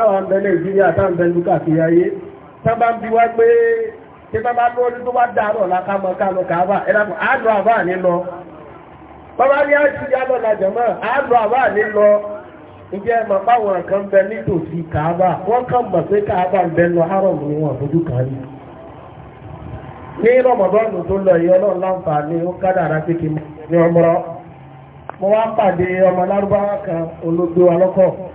táwọn ọmọ nàìjíríà táwọn ọmọ ìlú káàkiri ayé tán bá ń bí wá pé tí bá bá lórí tó bá dárọ̀ lákàmọ́ kánú ẹ̀dàkùn àádọ́ àbá nílọ bọ́bá ní àti yálọ̀ làjọ̀mọ́ àádọ́ àbá nílọ ìjẹ́ ẹ̀mọ̀ báwọn kan bẹ nítòsí kàábà wọ́n kàn mọ̀ wọn kan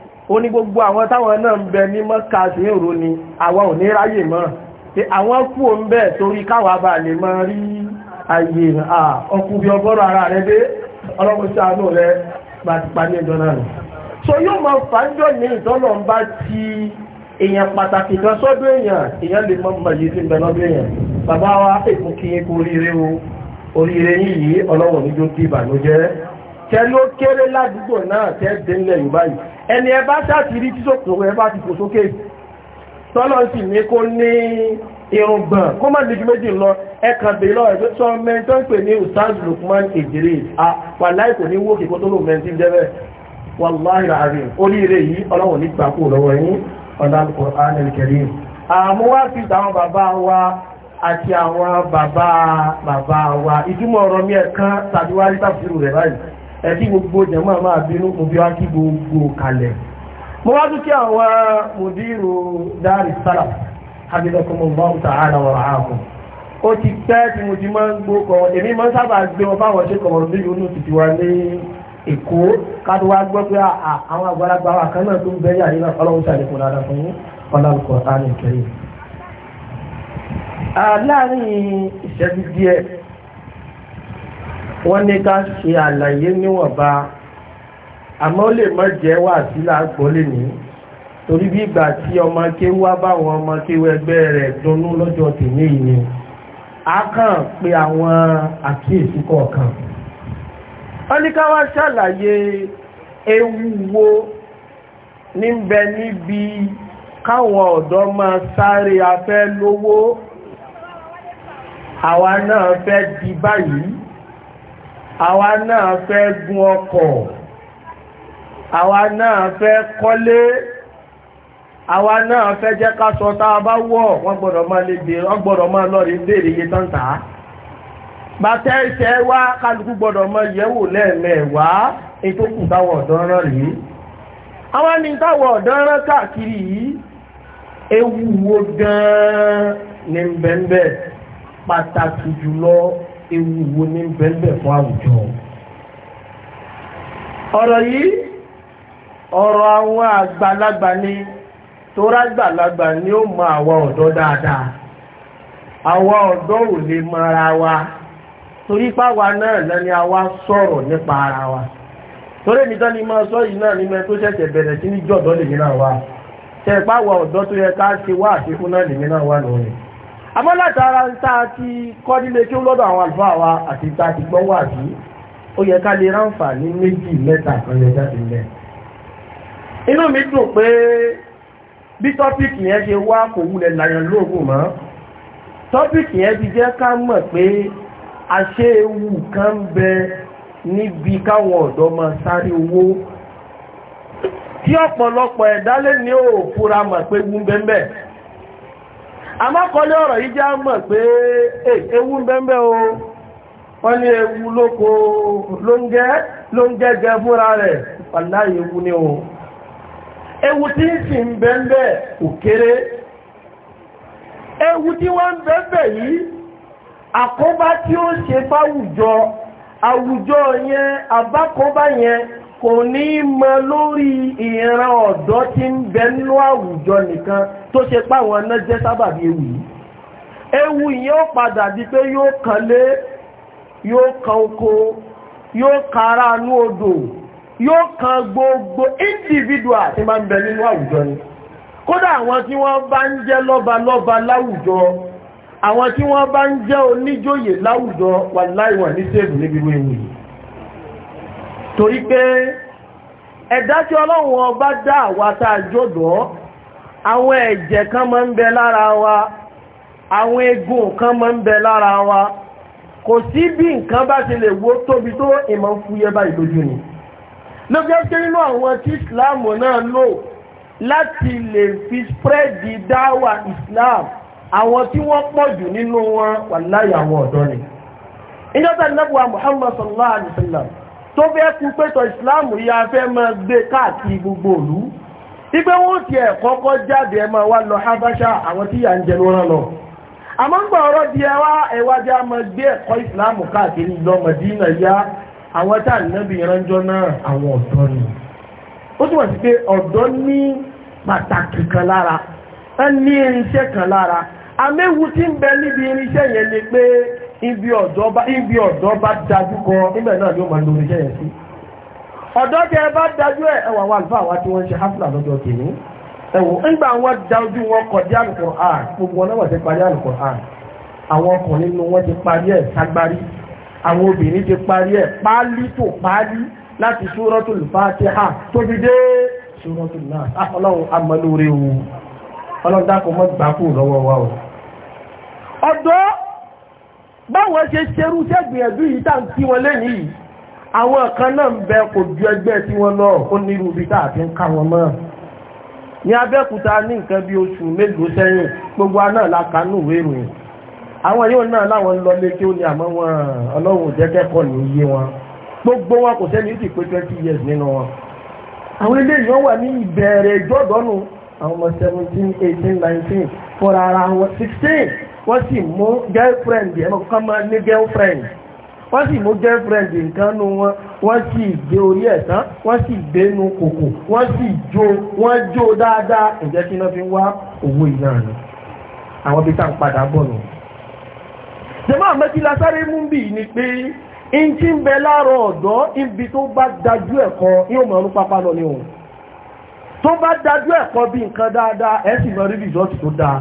ó gbogbo àwọn táwọn náà ń bẹ ní mọ́ká sí èrò ni àwọn ò ní ráyè mọ́ pé àwọn kú o ń bẹ̀ torí káwà bá lè mọ́ rí ayé ọkùnrin ọgọ́rọ̀ ara rẹ̀ dé ọlọ́pùsí àánú rẹ̀ bá ti pa náà so yóò mọ fàájọ́ ní ìtọ́lọ̀ ń bá ti èèyàn pàtàkì kan tẹ́lú ó kéré ládùúgbò náà tẹ́ délẹ̀ yorùbá yìí ẹni ẹ bá ṣàtìrí tí sókòrò ẹ bá ti fò sókè tọ́lọ́ sì ní kó ní irùngbọ̀n kó má lè ju méjì lọ ẹkàn bèèrè ẹgbẹ́ sọ mẹ́ntọ́ ń pè ní Ustaz Lukman Idris wà láì kò ní wó kíkó tó lò mẹ́ntì jẹ́bẹ̀ wàláhì àárín oríire yìí ọlọ́wọ̀ ní quran Al-Karim àmú wá fi wa àti àwọn bàbá bàbá wa ìtumọ̀ ọ̀rọ̀ mi ẹ̀kan tàbí wá rí tàbí rẹ̀ báyìí ẹtí gbogbo jẹ̀mọ́ máa bínú mo bí wá kí gbogbo kalẹ̀ mo wá dúkìá àwọn mùdírù dáàrí sálà abidọ́kọ̀mọ̀báwù tààrà wọ̀rọ̀ ààbò ó ti pẹ́ tí mo ti máa ń gbó kọ èmi máa ń sábà gbé wọn fáwọn ṣe kọ̀wọ̀n bí yóò ti ti wá ní èkó káàdì wá gbọ́ pé ah, ah, àwọn àgbàlagbà wa kan náà tó ń bẹ́ yà nínú ọlọ́run ṣàlékún dára fún ọlọ́run kọ̀ọ̀tà nìkẹyìn. láàárín ìṣẹ́jú díẹ̀ wọ́n ní ká ṣe àlàyé níwọ̀nba àmọ́ ó lè mọ́ jẹ́ wà sí láàgbọ́ lè ní torí bí ìgbà tí ọmọ kéwú wá báwọn ọmọ kéwú ẹgbẹ́ rẹ̀ dunnú lọ́jọ́ tèmi yìí ni a kàn pé àwọn àkíyèsí kọ̀ọ̀kan wọ́n ní ká wá ṣàlàyé ewu wo ní bẹ níbi káwọn ọ̀dọ́ máa sáré afẹ́ lówó àwa náà fẹ́ di báyìí àwa náà fẹ́ gun ọkọ̀ àwa náà fẹ́ kọ́lé àwa náà fẹ́ jẹ́ ká sọ tá bá wọ̀ wọ́n gbọ́dọ̀ máa lè bèèrè wọ́n gbọ́dọ̀ máa lọ́rí bèèrè iye tán tà bàtẹ́ iṣẹ́ wá kálukú gbọ́dọ̀ máa yẹ̀wò lẹ́ẹ̀mẹ́wàá èyí tó kù táwọn ọ̀dọ́ rán rèé àwọn táwọn ọ̀dọ́ rán káàkiri ewu wo ní bẹ́ẹ̀ fún àwùjọ. ọ̀rọ̀ yìí ọ̀rọ̀ àwọn àgbàlagbà ni torágbàlagbà ni ó mọ àwọn ọ̀dọ́ dáadáa àwọn ọ̀dọ́ ò lè mọ ara wa torí páwa náà lẹ́ni àwa sọ̀rọ̀ nípa ara wa torí mi tán ni máa sọ yìí náà nígbà tó ṣẹ̀ṣẹ̀ bẹ̀rẹ̀ sí ní jọ̀dọ́ lèmi náà wá tẹ̀ páwa ọ̀dọ́ tó yẹ ká ṣe wá àfikún náà lèmi náà wá lónìí àmọ́ látara ń tàà ti kọ́ nílé kí ó lọ́dọ̀ àwọn àlùfáà wa àti ìta ti gbọ́ wà sí ó yẹ ká lè ráǹfà ní méjì mẹ́ta kan yẹ jáde lẹ̀ inú mi dùn pé bí tọ́pìkì yẹn ṣe wá kò wulẹ̀ láyàn lóògùn mọ́ tọ́pìkì yẹn ti jẹ́ ká mọ̀ pé àṣé ewu kan bẹ níbi káwọn ọ̀dọ́ mọ sáré owó tí ọ̀pọ̀lọpọ̀ ẹ̀dá lè ní òòfúra mọ̀ pé wú amákọlé ọ̀rọ̀ yìí já mọ̀ pé ewu ń o wọ́n ewu lóko jẹ fúnra rẹ̀ ewu ni o ewu tí ń sì ń ewu tí wọ́n ń yìí àkóbá tí ó ṣe fáwùjọ àwùjọ yẹn àbákóbá yẹn kò ní mọ lórí ìran tó ṣe páwọn ẹ̀nà jẹ́ sábàbí ewu yìí ewu yìí ó padà di pé yóò kan lé yóò kan oko yóò kan ara inú odò yóò kàn gbogbo individual tí ma ń bẹ nínú àwùjọ ni kódà àwọn tí wọ́n bá ń jẹ́ lọ́ba lọ́ba láwùjọ àwọn tí wọ́n bá ń jẹ́ oníjòyè láwùjọ wà láìwọ̀n ní sèèbù níbi ewu yìí torí pé ẹ̀dá tí ọlọ́run ọba dá àwa tá a jọ́dọ̀ọ́ àwọn ẹ̀jẹ̀ kan máa ń bẹ lára wa àwọn egun kan máa ń bẹ lára wa kò sí bí nǹkan bá ṣe lè wó tóbi tó ìmọ̀ fúyẹ́ báyìí lójú ni ló jẹ́ pé nínú àwọn tí Islam náà lò láti lè fi spreadi dáwà Islam àwọn tí wọ́n pọ̀ jù nínú wọn wà láyé àwọn ọ̀dọ́ ni ìjọba ìnáwó Muhammad sallallahu alaihi wasallam tó fẹ́ kú pẹ́tọ̀ Islam yìí a fẹ́ máa gbé káàkiri gbogbo ìlú ipé nwoke ti ẹ̀ kọ́kọ́ jáde ẹ máa lọ habasha àwọn tí yà ń jẹ lọ àmọ́ ń gbà ọ̀rọ̀ di ẹwà gbé ẹ̀kọ́ ìsìláàmù káàkiri lọ yá àwọn tá ànábì ìrànjọ́ náà àwọn ọ̀dọ́ ni ó túnmọ̀ sí pé ọ̀dọ́ ní pàtàkì kan lára ni ní irinṣẹ́ kan lára améwu tí ń bẹ níbi irinṣẹ́ yẹn ni pé ibi ọ̀dọ́ bá dájú kọ náà máa lo irinṣẹ́ yẹn sí ọ̀dọ́ tẹ ẹ bá dájú ẹ ẹwà wà lùfà wá tí wọ́n ṣe hafla lọ́jọ́ kìíní ẹ̀wò ńgbà wọn dájú wọn kọ̀ dí Al-Qur'an gbogbo wọn náà ti parí Al-Qur'an àwọn ọkùnrin nínú wọn ti parí ẹ̀ sagbárí àwọn obìnrin ti parí ẹ̀ páálí tó páálí láti Suratul Fatiha tóbi dé Suratul Nas ah, ọlọ́run amalóore o ọlọ́run dákọ̀ mọ́ gbà kú lọ́wọ́ wa o. ọ̀dọ́ báwọn ṣe ṣerú ṣẹ́gbìyànjú yìí tá à ń kí wọn lẹ́yìn yìí àwọn kan náà ń bẹ kò ju ẹgbẹ́ tí wọ́n lọ ó nírú bí tá àti ń ká wọn mọ́ ní Abẹ́òkúta ní nǹkan bí oṣù mélòó sẹ́yìn gbogbo náà la kà nù wérùn àwọn yóò náà láwọn lọ lé kí ó ní àmọ́ wọn ọlọ́run jẹ́kẹ́kọ̀ọ́ ní iye wọn gbogbo wọn kò sẹ́ni ti pé twenty years nínú wọn àwọn eléyìí wọn wà ní ìbẹ̀rẹ̀ ìjọ́dọ́nù àwọn ọmọ seventeen eighteen nineteen fúnra ara wọn sixteen wọ́n sì mú girlfriend ẹ̀ kọ́ máa ní girlfriend wọ́n sì mú girlfriend nǹkan nu wọn wọ́n sì gbé orí ẹ̀ tán wọ́n sì gbé nu kòkò wọ́n sì jó wọ́n jó dáadáa ǹjẹ́ kí náà fi wá owó iná ni àwọn bí tá ń padà bọ̀ nù. jẹ́mọ́ àmọ́tílá sáré mú bì ní pé in ti ń bẹ láàrọ̀ ọ̀dọ́ ibi tó bá dájú ẹ̀kọ́ yóò mọ̀ ọ́n pápá lọ ní òun tó bá dájú ẹ̀kọ́ bí nǹkan dáadáa ẹ̀ sì mọ rí rìsọ́ọ̀tì tó dáa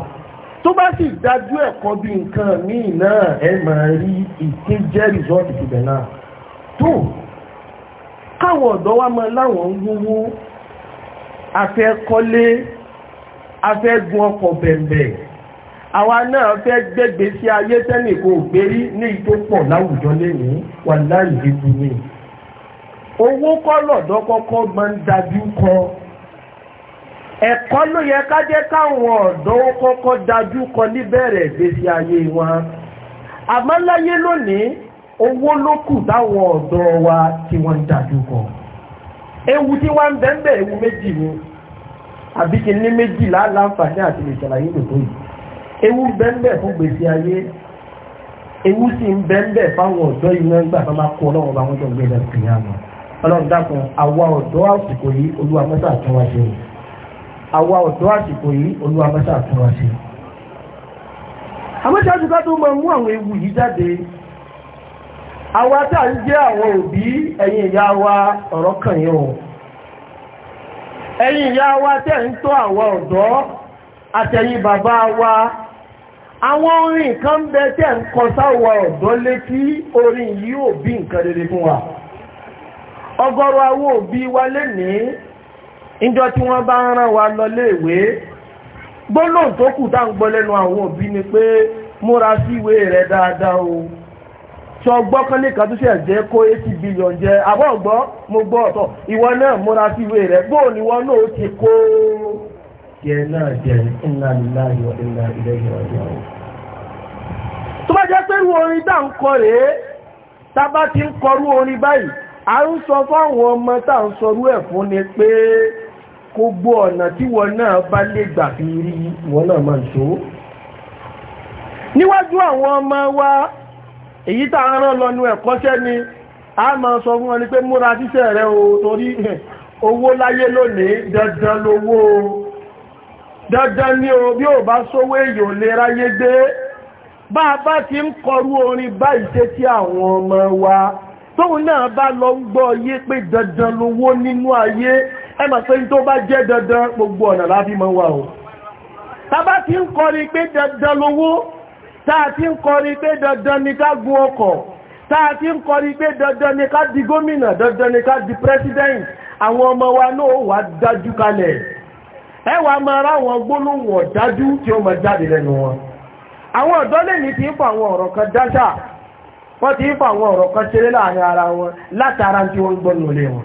tó bá sì dájú ẹ̀kọ́ bí nǹkan míì náà ẹ máa rí ìkéjẹ́ rìsọ́ọ̀tì tìbẹ̀ náà tó káwọn ọ̀dọ́ wa máa láwọn ń wúwú afẹ́ kọ́lé afẹ́ gun ọkọ̀ bẹ̀m̀bẹ̀ àwa náà fẹ́ gbẹ́gbẹ́ sí ayé tẹ́nì kò gbérí ní ìtó pọ̀ láwùjọ lẹ́yìn wà láì léwu ni owó kọ́ lọ́dọ́ kọ́kọ́ máa ń dájú kan ẹ̀kọ́ ló yẹ ká jẹ́ káwọn ọ̀dọ́ kọ́kọ́ dájú kọ níbẹ̀rẹ̀ ìgbésí ayé wọn àmọ́ láyé lónìí owó ló kù táwọn ọ̀dọ́ wa tí wọ́n ń dájú ewu tí wọ́n ń ewu méjì ni àbí kí ní àti lè ṣàlàyé lòtó ewu fún gbèsè ayé ewu sì ń fáwọn ọ̀dọ́ iná gbà ọlọ́run bá jọ àwa ọ̀dọ́ àsìkò yìí olúwa mẹ́ta fún wa sí. àmọ́ṣáájú tó àwọn ewu yìí jáde àwa tá ń jẹ́ àwọn òbí ẹ̀yin ìyá wa ọ̀rọ̀ kàn o ìyá wa tẹ́ ń tọ́ wa àwọn orin nǹkan ń bẹ tẹ́ ń kọ sáwọ ọ̀dọ́ létí orin yìí ò bí nǹkan wa Ọgọrọ awọ òbí wa lénìí ìjọ tí wọ́n bá ń rán wa lọ léèwé gbólóhùn tó kù tá ń gbọ́ lẹ́nu àwọn òbí ni pé múra sí ìwé rẹ̀ dáadáa o sọ gbọ́ kán kó billion jẹ àbọ̀ gbọ́ mo gbọ́ ọ̀tọ̀ ìwọ náà múra sí ìwé ni wọ́n náà ti kó náà ńlá ńlá ńlá gbogbo ọ̀nà tí wọn náà bá lè gbà fi rí wọn náà máa ń níwájú àwọn ọmọ wa èyí tá rán lọ́nu ẹ̀kọ́ṣẹ́ ni a máa sọ fún wọn ni pé múra síṣẹ́ rẹ o torí owó láyé lónìí dandan lówó dandan ni o bí ò bá sówó èyí ò lè ráyé gbé bá a bá ti ń kọrú orin báyìí ṣe tí àwọn ọmọ wa tóun náà bá lọ ń gbọ́ yé pé dandan lówó nínú ayé ẹ mọ̀ pé tó bá jẹ́ dandan gbogbo ọ̀nà láti mọ́ wà o tàbá ti ń kọrin pé dandan lówó táà ti ń kọrin pé dandan ni ká gun ọkọ̀ táà ti ń kọrin pé dandan ni ká di gómìnà dandan ni ká di president àwọn ọmọ wa náà wà dájú kalẹ̀ ẹ wà máa rá àwọn gbólóhùn ọ̀dájú tí ó mọ̀ jáde lẹ́nu wọn àwọn ọ̀dọ́ lè ní ti ń fa àwọn ọ̀rọ̀ kan dáṣà wọ́n ti ń fa àwọn ọ̀rọ̀ kan ṣeré láàrin ara wọn látara tí wọ́n gbọ́nù lé wọn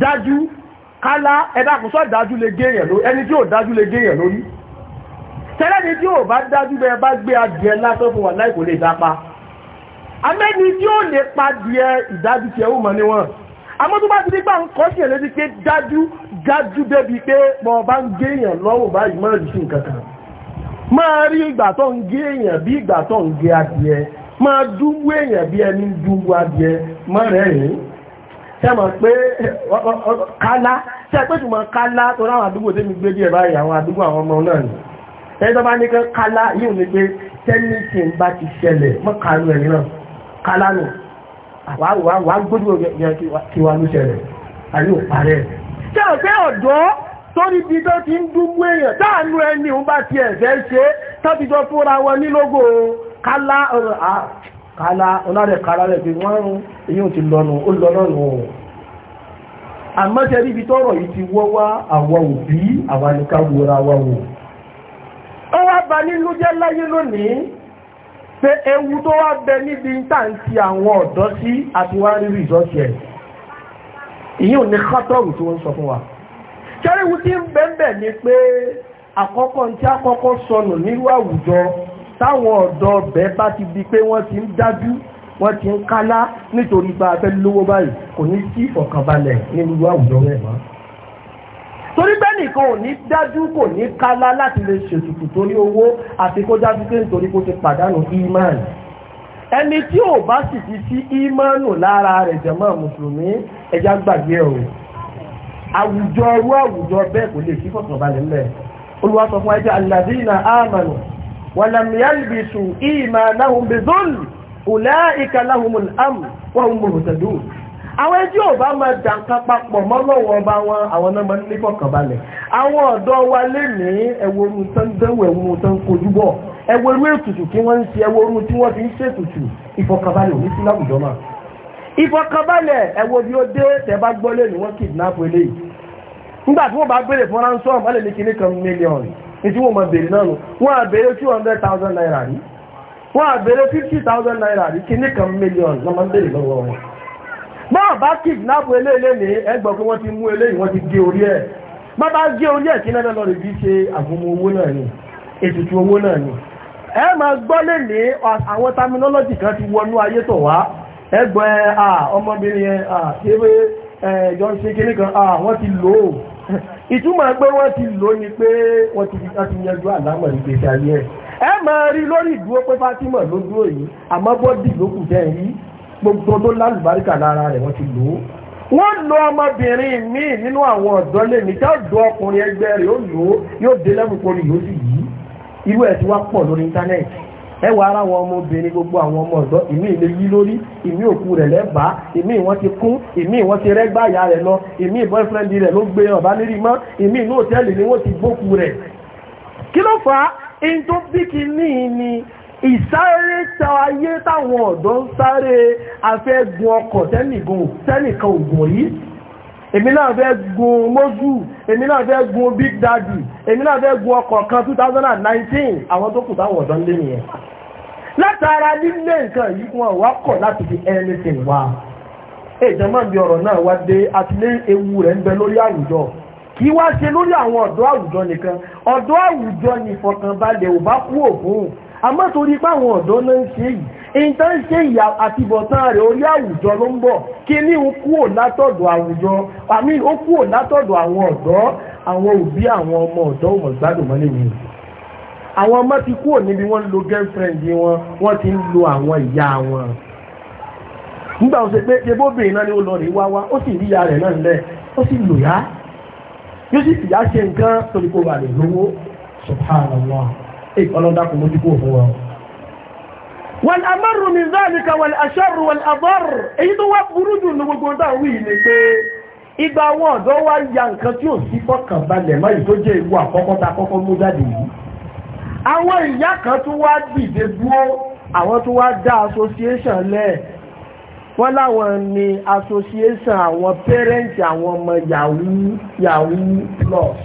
dájú kálá ẹ̀dá kò sọ́ dájú lè gé èèyàn lórí ẹni tí ò dájú lè gé èèyàn lórí tẹ́lẹ́ni tí ò bá dájú bẹ́ẹ̀ bá gbé adìẹ lásán fún wà láì kò lè dápa amẹ́ni tí ó lè pa adìẹ ìdájú tí ẹ ó mọ̀ níwọ̀n àmọ́ tó bá ti nígbà ń kọ́ sí ẹ̀ lébi pé dájú dájú débi pé mọ̀ bá ń gé èèyàn lọ́wọ́ báyìí mọ́ rí sí nǹkan kan máa rí ìgbà tó ń gé èèyàn bí ìgbà tó ń gé adìẹ máa dúwó èèyàn bí ẹni dúwó adìẹ mọ́ rẹ̀ rìn tẹ́mọ̀ pé kálá tẹ́ pé túnmọ̀ kálá tó ráwọn àdúgbò tí mi gbé díẹ̀ báyìí àwọn àdúgbò àwọn ọmọ náà ni ẹni tó bá ní kan kálá yíò ní pé tẹ́lẹ̀tì ń bá ti ṣẹlẹ̀ mọ́kànlú ẹ̀yìn náà kálá nù wà gbójúwò yẹn kí wà ló ṣẹlẹ̀ àyè ò parẹ́ tẹ́ pé ọ̀dọ́ torí bí tó ti ń dúgbò èèyàn táànú ẹni òun bá ti ẹ̀fẹ́ ṣe tọ́bijọ́ fúnra wọn kálá ọlárẹ̀ kálá rẹ̀ pé wọ́n rún èyí ti lọ́nà ó lọ́nà nù ọ̀ àmọ́ṣẹ́ níbi tọ́rọ̀ yìí ti wọ́ wá àwa òbí àwa ni ká wa wò ó wá ba nínú jẹ́ láyé lónìí pé ewu tó wá bẹ níbi táǹtì àwọn ọ̀dọ́ sí àti wá rí rìsọ́ọ̀tì ẹ̀ ni pé àkọ́kọ́ tí àkọ́kọ́ sọnù táwọn ọ̀dọ́ ọbẹ̀ bá ti di pé wọ́n ti ń dájú wọ́n ti ń kálá nítorí bá abẹ́ lówó báyìí kò ní sí ìfọ̀kànbalẹ̀ nínú àwùjọ rẹ̀ mọ́ torí bẹ́ẹ̀ nìkan ò ní dájú kò ní kálá láti lè ṣètùtù torí owó àti kó dájú pé nítorí kó ti pàdánù ìmáànì ẹni tí ò bá sì ti sí ìmáànù lára rẹ̀ jẹ̀mọ́ mùsùlùmí ẹja gbàgbé ọ̀rọ̀ àwùjọ ọrú àwùjọ bẹ́ẹ̀ kò lè sí ìfọ̀kànbalẹ̀ ńlẹ̀ Olúwa sọ fún ẹjẹ́ alladhina amanu ولم يلبسوا إيمانهم بظلم أولئك لهم الأمن وهم مهتدون àwọn ẹjí ò bá máa jàǹkà papọ̀ mọ́lọ́wọ́ ọba wọn àwọn náà máa ń ní kọ̀kànbalẹ̀ àwọn ọ̀dọ́ wa lè ní ẹwọ́rú tán dẹ́wọ̀ ẹ̀wọ̀n tán kojú bọ̀ ẹwọ́rú ètùtù kí wọ́n ń ṣe ẹwọ́rú tí wọ́n fi ń ṣètùtù ìfọ̀kànbalẹ̀ òní sí láwùjọ máa ìfọ̀kànbalẹ̀ ẹwọ́ bí ó dé tẹ́bá gbọ́lé ni wọ́n kìdínápù eléyìí nígbà tí wọ́n bá gbélé fún ransom wọ́n lè ní kíní kan mílíọ̀nù ìtí wọ́n mọ̀ bèèrè náà nù wọ́n àbèrè 200,000 naira rí wọ́n àbèrè 50,000 naira rí kí ní kan mílíọ̀n lọ máa ń bèèrè lọ́wọ́ wọn bọ́ọ̀ bá kìdínápù eléèlé ní ẹgbọ́ pé wọ́n ti mú eléyìí wọ́n ti gé orí ẹ̀ bá bá gé orí ẹ̀ kí náà lọ rè bí ṣe àgùnmọ̀ owó náà ni ètùtù owó náà ni ẹ máa gbọ́ lè ní àwọn terminology kan ti wọnú ayé tọ̀ wá ẹgbọ́ ẹ ọmọbìnrin ẹ ṣe é jọ ń ṣe kíní kan wọ́n ti lò ó ìtumọ̀ pé wọ́n ti lò ní pé wọ́n ti fíkà ti yẹjú àlámọ̀ ìgbésí ayé ẹ̀ ẹ máa rí lórí ìdúró pé Fatima ló dúró yìí àmọ́ bọ́dì ló kù tẹ́ yìí gbogbo tó lálùbáríkà lára rẹ̀ wọ́n ti lò ó wọ́n lo ọmọbìnrin míì nínú àwọn ọ̀dọ́ lèmi tá ọ̀dọ́ ọkùnrin ẹgbẹ́ rẹ̀ ó lò ó yóò dé lẹ́bùn kọrin yóò sì yí irú ẹ̀ tí wá pọ̀ lórí íńtánẹ́ẹ̀tì ẹwà ara wọn ọmọbìnrin gbogbo àwọn ọmọ ọ̀dọ́ ìmí ilé yí lórí ìmí òkú rẹ̀ lẹ́bàá ìmí ìwọ́n ti kún ìmí ìwọ́n ti rẹ́gbà ìyá rẹ̀ lọ ìmí boyfriend rẹ̀ ló gbé ọ̀bá lérí mọ́ ìmí inú òtẹ́ẹ̀lì ni wọ́n ti gbókù rẹ̀ kí ló fà á in tó bí kí ní ni ìsáré ta ayé táwọn ọ̀dọ́ ń sáré afẹ́gun ọkọ̀ tẹ́nìkan ògùn yìí èmi náà fẹ́ gun mojú èmi náà fẹ́ gun big daddy èmi náà fẹ́ gun ọkọ̀ kan 2019 àwọn tó kù táwọn ọ̀dọ́ lé nìyẹn látara nílé nǹkan yìí wọn wá kọ̀ láti fi anything wá èjọ máa bí ọ̀rọ̀ náà wá dé àtìlẹ́ ewu rẹ̀ ń bẹ lórí àwùjọ kì í wá ṣe lórí àwọn ọ̀dọ́ àwùjọ nìkan ọ̀dọ́ àwùjọ nìfọ̀kànbalẹ̀ ò bá kú òfin àmọ́ torí páwọn ọ̀dọ́ náà ń ṣe yìí ìtàn ṣe ìyà àtibọ̀tán rẹ̀ orí àwùjọ ló ń bọ̀ kí ní ó kúrò látọ̀dọ̀ àwùjọ àmì ó kúrò látọ̀dọ̀ àwọn ọ̀dọ́ àwọn òbí àwọn ọmọ ọ̀dọ́ ò mọ̀ gbádùn mọ́lẹ̀ mi àwọn ọmọ ti kúrò níbi wọ́n ń lo girlfriend wọn ni ó lọ rí wá wá ó yóò sì tìyá ṣe nǹkan torí kó wà lè lówó subhanallah ọlọ́dàkùn mójú kó fún wa wọ́n amọ́rù mi záàlìkà wọ́n aṣọ́rù wọ́n àbọ́rù èyí tó wá burú jù ní gbogbo dáa wí ní pé ìgbà àwọn ọ̀dọ́ wá ya nǹkan tí ò sí fọ́kàn balẹ̀ máyì tó jẹ́ ìwọ àkọ́kọ́ kọ́kọ́ mú jáde yìí àwọn ìyá kan tó wá dìde dúró àwọn tó wá dá association lẹ̀ wọ́n láwọn ni association àwọn parents àwọn ọmọ yahoo yahoo plus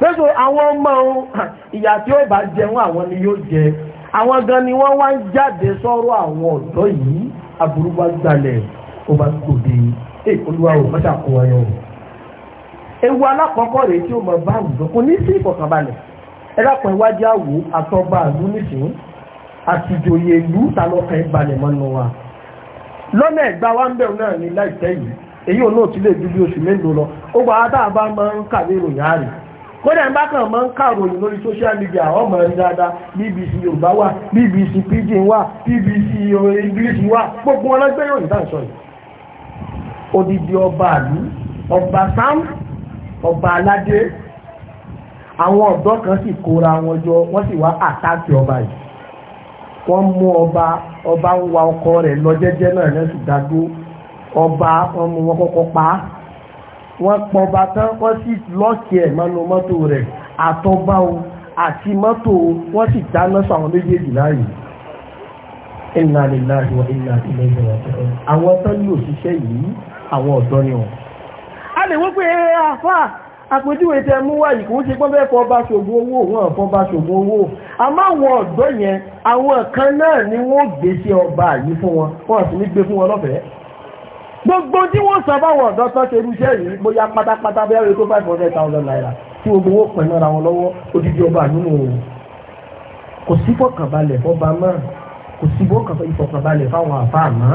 pẹ́sọ̀ àwọn ọmọ ohun ìyà tí ó bá jẹun àwọn ni yóò jẹ àwọn gan ni wọ́n wá ń jáde sọ̀rọ̀ àwọn ọ̀dọ́ yìí aburú bá gbalẹ̀ ó bá gbòde ee olúwa ò mọ́ṣà kó wa yọ. ewu alákọ̀ọ́kọ́ rèé tí ó mọ bá àwùjọ kò ní sí ìfọ̀kànbalẹ̀ ẹ dápọ̀ iwájú àwò àtọ́ba àlú nìsín àtìjòyè ìlú talọ́kàn ìbalẹ̀ mọ́nu wa. lọ́nà ẹ̀gbá wa ń bẹ̀rù náà ní láìpẹ́ yìí èyí ò náà ti lè ju oṣù mélòó lọ ó gbà á dáàbá máa ń kàwé ìròyìn àárẹ̀ kódà bá kàn máa ń kàròyìn lórí social media ọmọ rí dáadáa BBC Yorùbá wà BBC Pidgin wà BBC English wà gbogbo wọn lọ́gbẹ́ yóò nígbà sọ yìí odidi ọba àlú ọba sam ọba aládé àwọn ọ̀dọ́ kan sì kóra wọn jọ wọ́n sì wá àtàkì ọba yìí wọ́n mú ọba ọba ń wa ọkọ rẹ̀ lọ jẹ́jẹ́ náà lẹ́sùn dágbó ọba ọmọ wọn kọ́kọ́ pa á wọ́n pọba tán wọ́n sì lọ́ọ̀kì ẹ̀ mọ́nú mọ́tò rẹ̀ àtọ́gbá o àti mọ́tò wọ́n sì dáná sọ àwọn méjèèjì láàyè inna lillahi wa inna ilayhi raji'un àwọn tán ní òṣìṣẹ́ yìí àwọn ọ̀dọ́ ni wọn. a lè wọ́n pé àfà àpèjúwe tẹ mú wáyé kò ń ṣe pọ́n bẹ́ẹ̀ fọba ṣògùn owó wọn fọba ṣògùn owó àmọ́ àwọn ọ̀dọ́ yẹn àwọn kan náà ni wọ́n gbé sí ọba yìí fún wọn wọ́n sì ní gbé fún wọn lọ́fẹ̀ẹ́ gbogbo tí wọ́n sọ báwọ̀ ọ̀dọ́ tán ṣe irúṣẹ́ yìí bóyá pátápátá bẹ́ẹ̀ rẹ̀ tó five hundred thousand naira tí gbogbo wọn pẹ̀lú ara wọn lọ́wọ́ odidi ọba nínú òun kò sí fọkànbalẹ̀ fọba mọ́ kò sí ìfọkànbalẹ̀ fáwọn àfáà mọ́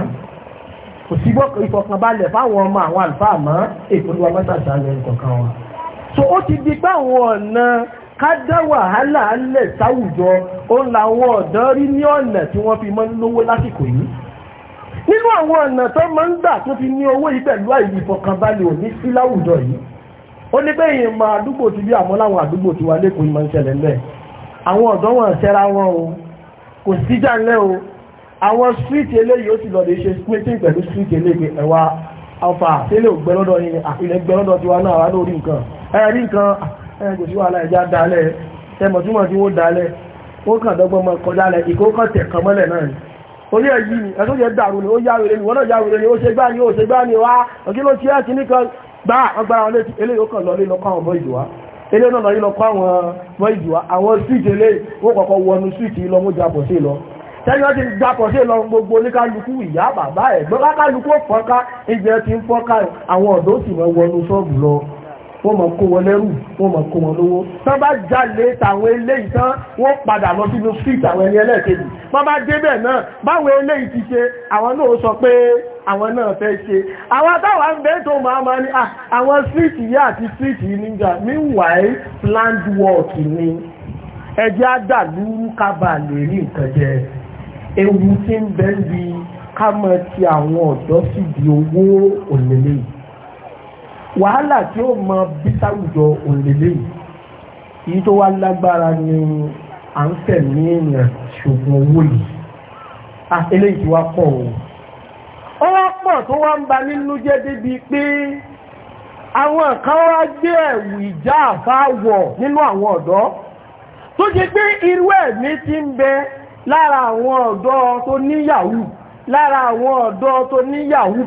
kò sí ìfọkànbalẹ̀ fáwọn ọmọ àwọn àlùfáà mọ́ èkó ni wọn bá tàṣà lọ nǹkan wa. so ó ti di pé àwọn ọ̀nà ká dá wàhálà alẹ̀ sáwùjọ ó làwọn ọ̀dọ́ rí ní ọ̀nà tí wọ́n fi mọ́ lówó lásìkò yìí nínú àwọn ọ̀nà tó máa ń gbà tó fi ní owó yìí pẹ̀lú àìlè ìfọkànbalẹ̀ òní sí láwùjọ yìí ó ní pé èèyàn máa àdúgbò ti bí àmọ́ láwọn àdúgbò ti wà lẹ́kọ̀ọ́ ìmọ̀ ìṣẹ̀lẹ̀ ńlẹ̀ àwọn ọ̀dọ́ wọn ṣẹra wọn o kò síjà ńlẹ̀ o àwọn street eléyìí ó sì lọ lè ṣe meeting pẹ̀lú street eléyìí ẹ̀wà ọfà tẹ́lẹ̀ ògbẹ́lọ́dọ̀ yìí àpilẹ̀ gbẹ́lọ́dọ̀ tiwa náà wà lórí nǹkan ẹ̀rí nǹkan ẹ̀kò sí wàhálà ẹja dalẹ̀ tẹmọ̀túmọ̀ tí wọ́n dalẹ̀ ó kàn dọ́gbọ́n mọ́ kọjá orí ẹ̀yí ni ẹ̀tọ́ jẹ́ dàrú ni ó yáwèrè ni wọ́nà yáwèrè ni ó ṣe gbá ni ó ṣe gbá ni wá ọ̀kí ló ti ẹ́ ti níkan gbá ọgbàra wọn létí eléyìí ó kàn lọ lílọ kọ́ àwọn ọmọ ìjùwá eléyìí náà lílọ kọ́ àwọn ọmọ ìjùwá àwọn síìtì eléyìí ó kọ̀kọ́ wọnú síìtì lọ mú japọ̀ sí lọ tẹ́yìn wọ́n ti wọ́n máa kó wọn lẹ́rù wọ́n máa kó wọn lówó tán bá jalè tàwọn eléyìí tán wọ́n padà lọ sínú street àwọn ẹni ẹlẹ́ẹ̀kejì wọ́n bá débẹ̀ náà báwọn eléyìí ti ṣe àwọn náà sọ pé àwọn náà fẹ́ ṣe àwọn táwà ń bẹ́ tó máa máa ní àwọn street yìí àti street níjà meanwhile planned work ni ẹjẹ́ àdàlúrú kábà lè rí nǹkan jẹ ewu tí ń bẹ́ẹ̀ bí ká mọ̀ ti àwọn ọ̀dọ́ sì di owó òlélẹ́yìí wàhálà tí ó mọ bí sáwùjọ òǹlẹ̀lẹ̀ yìí tó wá lágbára ni a ń tẹ̀ ní èèyàn ṣògùn owó yìí eléyìí ti wá pọ̀ o ó wá pọ̀ tó wá ń ba nínú jẹ́ débi pé àwọn kan wá gbé ẹ̀wù ìjà àfáwọ̀ nínú àwọn ọ̀dọ́ tó jẹ́ pé irú ẹ̀mí ti ń bẹ lára àwọn ọ̀dọ́ tó ní lára àwọn ọ̀dọ́ tó ní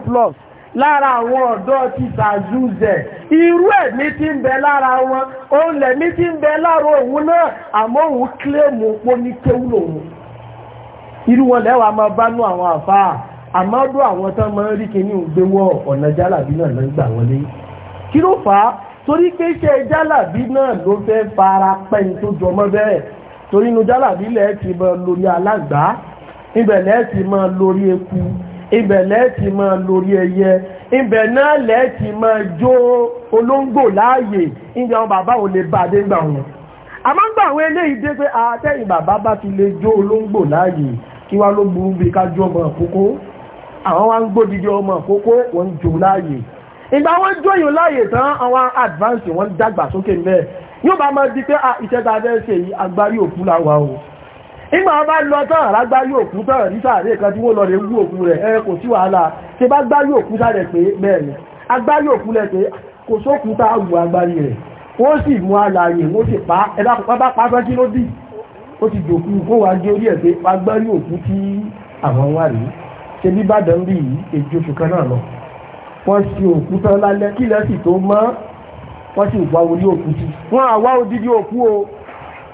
plus lára àwọn ọ̀dọ́ ti sàzúzẹ̀ irú ẹ̀mí tí ń bẹ lára wọn òun lẹ̀mí tí ń bẹ lára òun náà àmọ́ òun kílèmù pó ní kéwúlò òun irú wọn lẹ́wà máa bá nú àwọn àfáà àmọ́ ọdún àwọn tán máa ń rí kíní ògbéwọ̀ ọ̀nà jálàbí náà lọ gbà wọlé kí ló fà á torí pé iṣẹ́ jálàbí náà ló fẹ́ fara pẹ́ ní tó jọmọ́ bẹ́ẹ̀ torí inú jálàbí lẹ́ẹ̀ ti máa lórí alágbá ibẹ̀ lẹ́ẹ̀ ti máa lórí eku ibẹ̀ lẹ́ẹ̀tì máa lórí ẹyẹ ibẹ̀ náà lẹ́ẹ̀tì máa jó olóńgbò láàyè ìjọ àwọn bàbá ò lè bàdé gbà wọn àmọ́ gbà àwọn eléyìí dé pé àtẹ́yìn ah, bàbá bá ti lè jó olóńgbò láàyè kí wá ló burú bí ká jó ọmọ àkókó àwọn wá ń gbó dídí ọmọ àkókó wọ́n jó láàyè ìgbà wọ́n jó yìí láàyè tán àwọn advance wọ́n dàgbà sókè mẹ́ẹ̀ yóò bá máa di pé ìṣẹ́ta ah, fẹ́ ṣe yìí agbárí òkú láwa o ìgbà bá lọ tán àrágbá yóò kú tán rí sàárè kan tí wọ́n lọ rẹ̀ wú òkú rẹ̀ ẹ kò sí wàhálà tí bá gbá yóò kú sáré pé mẹ́rin agbá yóò kú lẹ́ pé kò sókúta wù agbárí rẹ̀ ó sì mú alààyè ó sì pa ẹlápapá bá pa fẹ́ kí ló dì ó ti dòkú kó wá gé orí ẹ̀ pé agbá yóò kú tí àwọn wà rí ṣe bí bàdàn bí èjì oṣù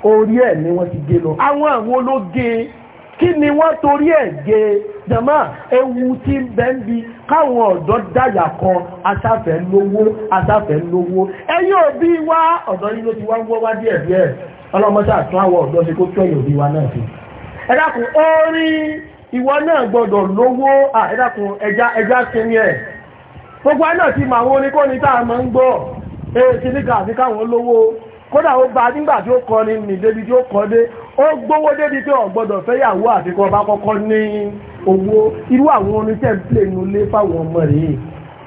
orí ẹ̀ ni wọ́n ti gé lọ àwọn àwọn ló gé kí ni wọ́n torí ẹ̀ gé jama ewu tí ń bẹ ń bi káwọn ọ̀dọ́ dáyà kan asáfẹ́ lówó asáfẹ́ lówó ẹ̀yin òbí wa ọ̀dọ́ yìí ló ti wá ń wọ́ wá díẹ̀ díẹ̀ ọlọ́mọṣẹ́ àtún àwọn ọ̀dọ́ ṣe kó tó ẹ̀yìn òbí wa náà ṣe ẹ dákun orin ìwọ náà gbọ́dọ̀ lówó ẹ dákun ẹja ẹja sinmi ẹ̀ gbogbo ẹ náà ti mọ àwọn orin kọ́ni tá a máa ń gbọ́ èèkì nígbà àti káwọn kódà ó bá nígbà tí ó kọ ní ní débi tí ó kọ dé ó gbówó débi tí ó bá kọ́kọ́ ní owó irú àwọn oníṣẹ́ ìpìlẹ̀ lé fáwọn ọmọ rẹ̀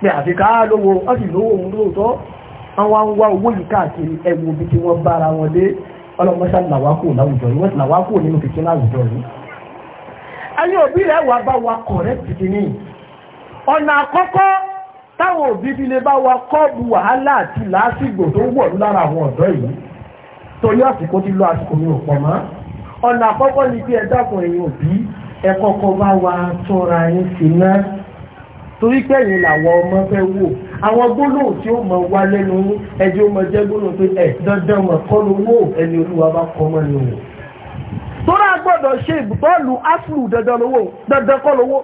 pẹ àfikà lówó lówó lóòótọ́ àwọn wá owó yìí káàkiri bí wọ́n bára wọn dé táwọn òbí bí lè bá wa kọ́ọ̀bù wàhálà àti làásìgbò tó wọ̀ lára àwọn ọ̀dọ́ yìí torí àsìkò ti lọ àsìkò mi ò pọ̀ mọ́ ọ̀nà àkọ́kọ́ ni bí ẹ dákun ẹ̀yin òbí ẹ kọ́kọ́ bá wa tọ́ra yín sí náà torí pé làwọn ọmọ fẹ́ wò àwọn gbólóhùn tí ó mọ wá lẹ́nu ẹjẹ́ ó mọ jẹ́ gbólóhùn pé ẹ̀ dandan mọ̀ kọ́ ni o. tó náà gbọ́dọ̀ ṣe bọ́ọ̀lù áfùlù dandan lówó dandan kọ́ lówó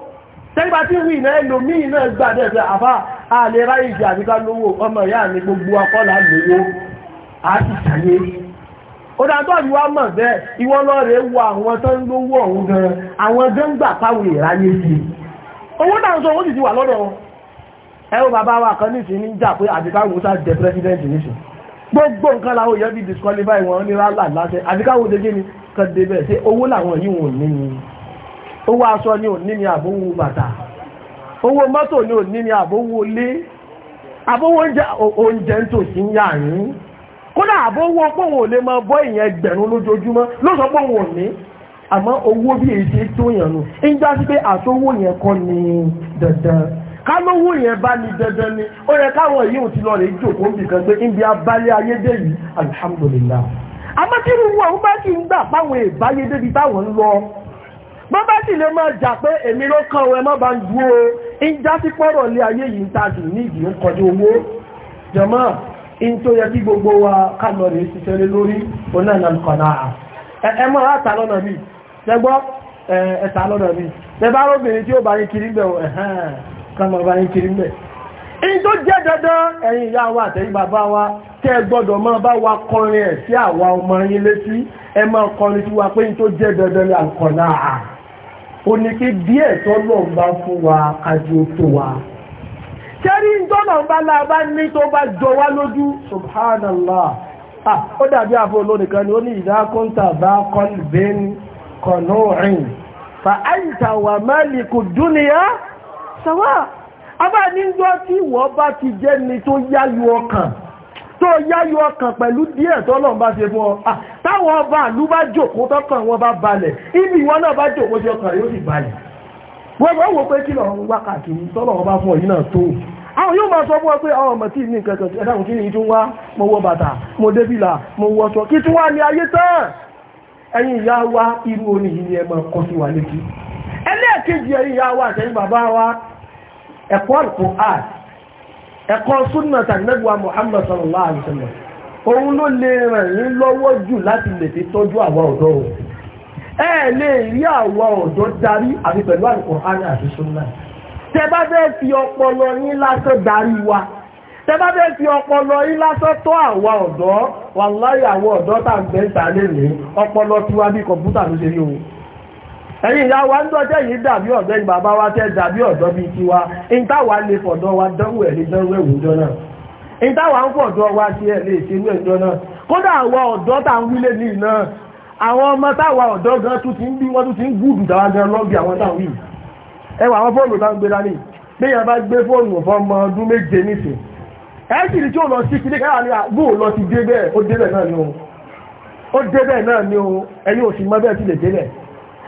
tẹ́gbà tí wí náà ẹlòmí náà gbàdẹ̀ pé àfá àlè ráyè jẹ́ àbíká lówó ọmọ ìyá ní gbogbo akọ́lá lówó àti ṣàyé òdàtọ́ ìwà mọ̀ bẹ́ẹ̀ ìwọ́n lọ rẹ̀ wọ àwọn tó ń lówó ọ̀hún gan àwọn gan gbà páwọn ìráyé sí owó náà sọ owó sì ti wà lọ́dọ̀ ẹwọ bàbá wa kan ní ìsìn ní jà pé àbíká wo sá jẹ president nation gbogbo nǹkan làwọn èèyàn bí disqualify wọn ní rálà láṣẹ àbíká wo ṣe kí ni kan débẹ̀ sí owó yìí wọn ní owó aṣọ ni ò ní ni àbówó bàtà owó mọ́tò ni ò ní ni àbówó lé àbówó oúnjẹ ń tò sí yà yín kódà àbówó pòwò lè máa bọ́ ìyẹn ẹgbẹ̀rún lójoojúmọ́ ló sọ pé òun ò ní àmọ́ owó bí èyí ṣe tó yàn nù ń já sí pé àtowó yẹn kọ́ ni dandan ká lówó yẹn bá ní dandan ni ó yẹ káwọn yìí ò ti lọ rè jòkóó nìkan pé ń bí abálé ayédè yìí alihamudulilayi àmọ́ tí irú wọn bá kí ń gbà páwọn ìbáyédébi táwọn ń lọ bọ́ bá sì lè máa jà pé èmi ló kàn ọ ẹ má bá ń dúró ń já sí pọ́rọ̀ lé ayé yìí ń tajù nídìí ń kọjú owó jọmọ́ in tó yẹ kí gbogbo wa kálọ̀ rèé ṣiṣẹ́ lé lórí onáàlà kọ̀nà ẹ mọ́ àtà lọ́nà mi ṣẹgbọ́ ẹ̀ta lọ́nà mi ṣẹ bá róbìnrin tí ó bá yín kiri bẹ̀ wa àtẹ̀yìn bàbá wa tẹ́ gbọ́dọ̀ máa bá wa kọrin ẹ̀ sí àwa ọmọ yín pé in tó jẹ́ dandan ni àkọ̀nà àà ó ní kí díẹ̀ tọ́lọ̀ ń bá fún wa kájú tó wa kẹ́rí ń tọ́lọ̀ ń bá láàbá ní tó bá jọ wá lójú subhanallah ó dàbí àfọ́ olónìkan ni ó ní ìdákọ́ntà bá kọ́lbẹ́ni kọ̀nọ́rin fa àìsà wà máàlìkù dúnìyà sọ́wọ́ abá ní ń gbọ́ tí wọ́n bá ti jẹ́ ni tó yáyọ ọkàn tó yáyọ ọkàn pẹ̀lú díẹ̀ tọ́lọ́run bá ṣe fún ọ ah, táwọn ọba àlú bá jòkó tọ́kàn wọn bá balẹ̀ ibi ìwọ náà bá jòkó sí ọkàn yóò sì balẹ̀ wọ́n wọ́n pé kí lọ́run wákàtí tọ́lọ́run bá fún ọ yìí náà tó àwọn yóò máa sọ fún ọ pé àwọn ọmọ tí ní nǹkan kan ẹ̀dàkùn kí ni ìtún wá mo wọ bàtà mo débìlà mo wọ sọ kí tún wá ní ayé tán ẹ̀yin ìyá wa irú oní yìí ni ẹ máa kọ́ sí wa létí ẹlẹ́ẹ̀kejì ẹ̀yin ìyá wa àtẹ̀yìn bàbá wa ẹ̀kọ́ àlùkò art ẹ̀kọ́ súnmọ̀tà nẹ́gbà Muhammad sallallahu alaihi wasallam òun ló lè ràn yín lọ́wọ́ jù láti lè fi tọ́jú àwa ọ̀dọ́ o ẹ lè rí àwa ọ̀dọ́ darí àti pẹ̀lú al àti súnmọ̀ fi ọpọlọ yín lásán darí wa fi ọpọlọ yín lásán tọ́ ọ̀dọ́ ọ̀dọ́ tàbí ẹ̀ta lè rí ọpọlọ tiwa bí ẹ̀yìn ìyá wa ń dọ́jẹ́ yìí dàbí ọ̀dọ́ yìí bàbá wa tẹ́ dàbí ọ̀dọ́ bíi ti wa ń táwa lè fọ̀dọ́ wa dánwò ẹ̀ lè dánwò ẹ̀wò jọ náà ń táwa ń fọ̀dọ́ wa ti ẹ̀ lè ṣe ní ẹ̀jọ náà kódà àwọn ọ̀dọ́ tá ń wílé ní iná àwọn ọmọ táwa ọ̀dọ́ gan tún ti ń bí wọ́n tún ti ń gùdù dáwà gan lọ́bì àwọn táwọn yìí ẹwà àwọn fóònù tá ń gbé dání bí yẹn bá gbé fóònù fọmọ ọdún méje nìsín ẹ̀sìn tí ó lọ sí kílé káyà ní àgbóò lọ ti débẹ̀ ó débẹ̀ náà ni ó débẹ̀ náà ni ó ẹ̀yìn òsì mọ́ bẹ́ẹ̀ sì lè débẹ̀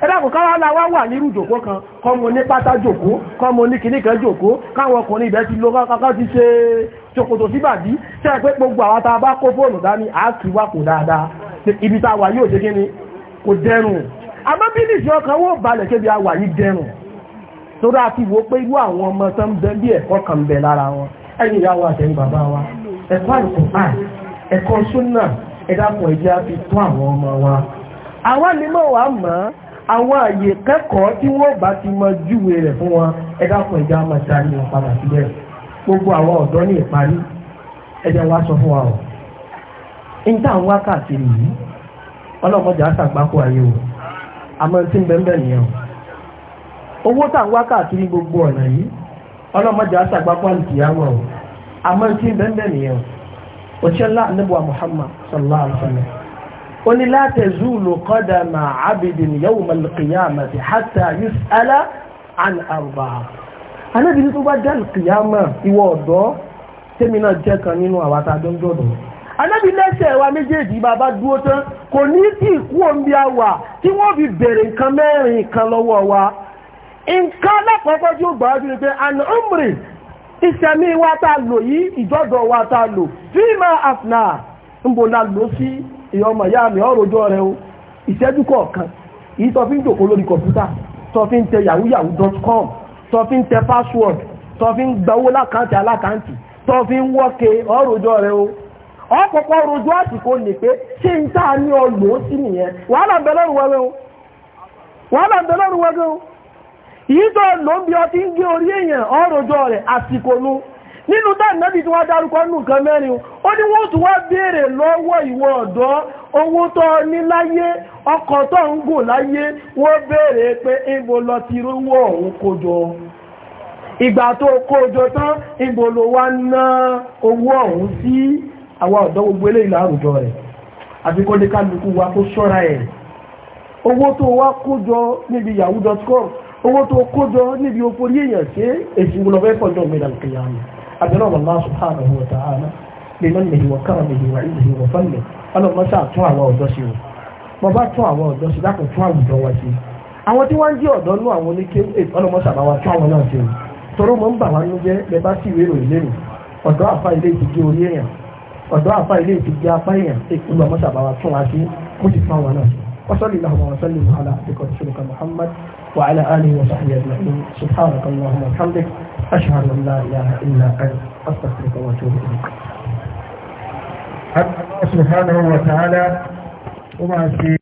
ẹ̀dàkùn káwà láwá wà nírú jòkó kan kọmọ ní pátá jòkó kọmọ ní kìní kan jòkó káwọn ọkùnrin ibẹ̀ ti lọ kọ́kọ́ ti ṣe ṣòkòtò síbàdí tẹ́ pé gbogbo àwọn tá a bá kó fóònù dání àákìwà kò dáadáa ibi tá a wà yóò ṣe kí ni kò dẹrùn àmọ́ bí nìṣẹ́ ọkàn wó balẹ̀ kébi àwà yìí dẹrùn tó dá ti wo pé irú àwọn ọmọ tó bẹ bí ẹ̀kọ́ kan bẹ lára wọn ẹ̀yìn ìyá wa àtẹ̀yìn bàbá wa ẹ̀kọ́ àlùkò àì ẹ̀kọ́ súnà ẹ̀dàpọ̀ ìjẹ́ fi tó àwọn ọmọ wa àwọn ni mọ̀ mọ́ àwọn àyè kẹ́kọ̀ọ́ tí wọ́n bá ti mọ júwe rẹ̀ fún wọn ẹ dákun ìjà máa darí síbẹ̀ gbogbo àwọn ọ̀dọ́ ní ìparí ẹ̀jẹ̀ wa sọ fún wa o níta àwọn wákàtí nìyí ọlọ́mọdé àṣàgbákò ayé o àmọ́ tí ń bẹ́ẹ̀ bẹ́ẹ̀ nìyẹn o owó tà ń gbogbo ọ̀nà yìí ọlọ́mọdé àlùkìyàwó ó ní la tazulu qadama abidin yawma al-qiyamati hatta yus'ala an arba'a anábìrin tó bá dá al-qiyama ìwọ ọ̀dọ́ tẹ́mi náà jẹ́ kan nínú àwọn àtàdọ́jọ́dọ̀ anábì lẹ́sẹ̀ wa méjèèjì bàbá dúró tán kò ní sí ìkú omi àwà tí wọ́n fi bèrè nǹkan mẹ́rin kan lọ́wọ́ wa nǹkan alákọ̀ọ́kọ́ tí ó gbà wájú ni ìyọmọ ìyá mi ọ̀rọ̀ ojú rẹ o ìṣẹ́jú kọ̀ọ̀kan èyí fi ń jòkó lórí kọ̀mpútà tó fi ń tẹ com, tó fi ń tẹ password fi ń gbawó lákàntì alákàntì fi ń wọ́kẹ́ rẹ o ọ̀pọ̀pọ̀ rojú àsìkò lè pé ṣé ń ní o wàhálà ń bẹ lọ́rùn wẹ́wẹ́ o ń ọtí ń gé orí èèyàn àsìkò nu nínú tá ìnábi tí wá dárúkọ nù nǹkan mẹ́rin ó ní wọ́n tún wá béèrè lọ́wọ́ ìwọ ọ̀dọ́ owó tó ní láyé ọkọ̀ tó ń gùn láyé wọ́n béèrè pé ibo lọ ti rówó ọ̀hún kójọ ìgbà tó kójọ tán ibo ló wá ná owó ọ̀hún sí àwọn tó kójọ níbi yahoo.com owó tó kójọ níbi òfòrí pọ̀jọ́ ìgbèdàlùkẹ̀yà rẹ̀ abẹ́rẹ́ ọ̀rọ̀ náà subhanahu wa ta'ala lè mọ́ nìyí wọ́n kàrọ̀ nìyí wọ́n ìlú wọ́n fọ́n lè ọlọ́mọ sáà tún àwọn ọ̀dọ́ sí o mo bá tún àwọn ọ̀dọ́ sí dákun tún tí wọ́n ń jẹ́ ọ̀dọ́ nú àwọn oníké ọlọ́mọ sáà bá náà sí o tọrọ mọ́ ń bà wá nújẹ́ lẹ bá sì wérò ìlérò ọ̀dọ́ àfa ilé ti gé orí èèyàn ọ̀dọ́ àfa ilé ti gé apá èèyàn ọlọ́mọ sáà bá tún wa sí kó sì fún àwọn náà sí. وصلى اللهم وسلم على عبدك ورسولك محمد وعلى آله وصحبه أجمعين سبحانك اللهم وبحمدك أشهد أن لا إله إلا أنت أستغفرك وأتوب إليك حتى الله سبحانه وتعالى وما في